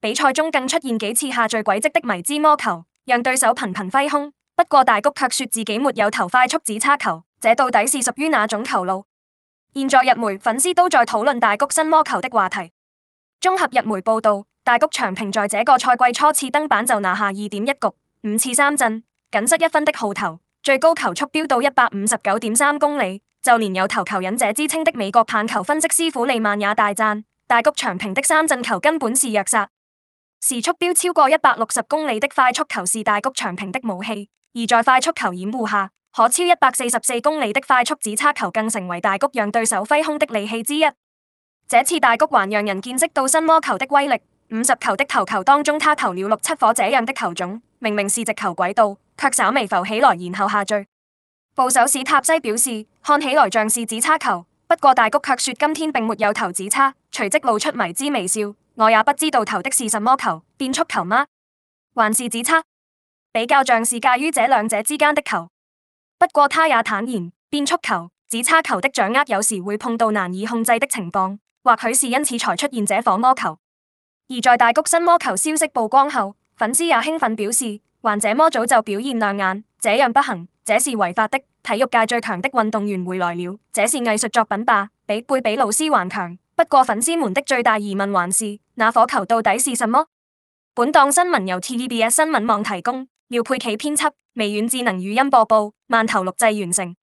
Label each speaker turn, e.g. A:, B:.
A: 比賽中更出現幾次下墜軌跡的謎之魔球，讓對手頻頻揮空。不過大谷卻說自己沒有投快速指叉球，這到底是屬於哪種球路？現在日媒粉絲都在討論大谷新魔球的話題。綜合日媒報道，大谷翔平在這個賽季初次登板就拿下二點一局、五次三振、僅失一分的號頭，最高球速飆到一百五十九點三公里，就連有投球忍者之稱的美國棒球分析師傅利曼也大讚大谷翔平的三振球根本是虐殺。時速飆超過一百六十公里的快速球是大谷翔平的武器，而在快速球掩護下，可超一百四十四公里的快速指叉球更成為大谷讓對手揮空的利器之一。這次大谷還讓人見識到新魔球的威力。五十球的投球當中，他投了六七顆這樣的球種，明明是直球軌道，卻稍微浮起來，然後下墜。捕手史塔西表示，看起來像是指叉球，不過大谷卻說今天並沒有投指叉，隨即露出迷之微笑。我也不知道投的是什麼球，變速球嗎？還是指叉？比較像是介於這兩者之間的球。不過他也坦言，變速球、指叉球的掌握有時會碰到難以控制的情況，或許是因此才出現這顆魔球。而在大谷新魔球消息曝光後，粉絲也興奮表示，還這麼早就表現亮眼，這樣不行，這是違法的。體育界最強的運動員回來了，這是藝術作品吧？比貝比魯斯還強。不過粉絲們的最大疑問還是那火球到底是什麼？本檔新聞由 TVBS 新聞網提供，廖佩琪編輯，微軟智能語音播報，饅頭錄製完成。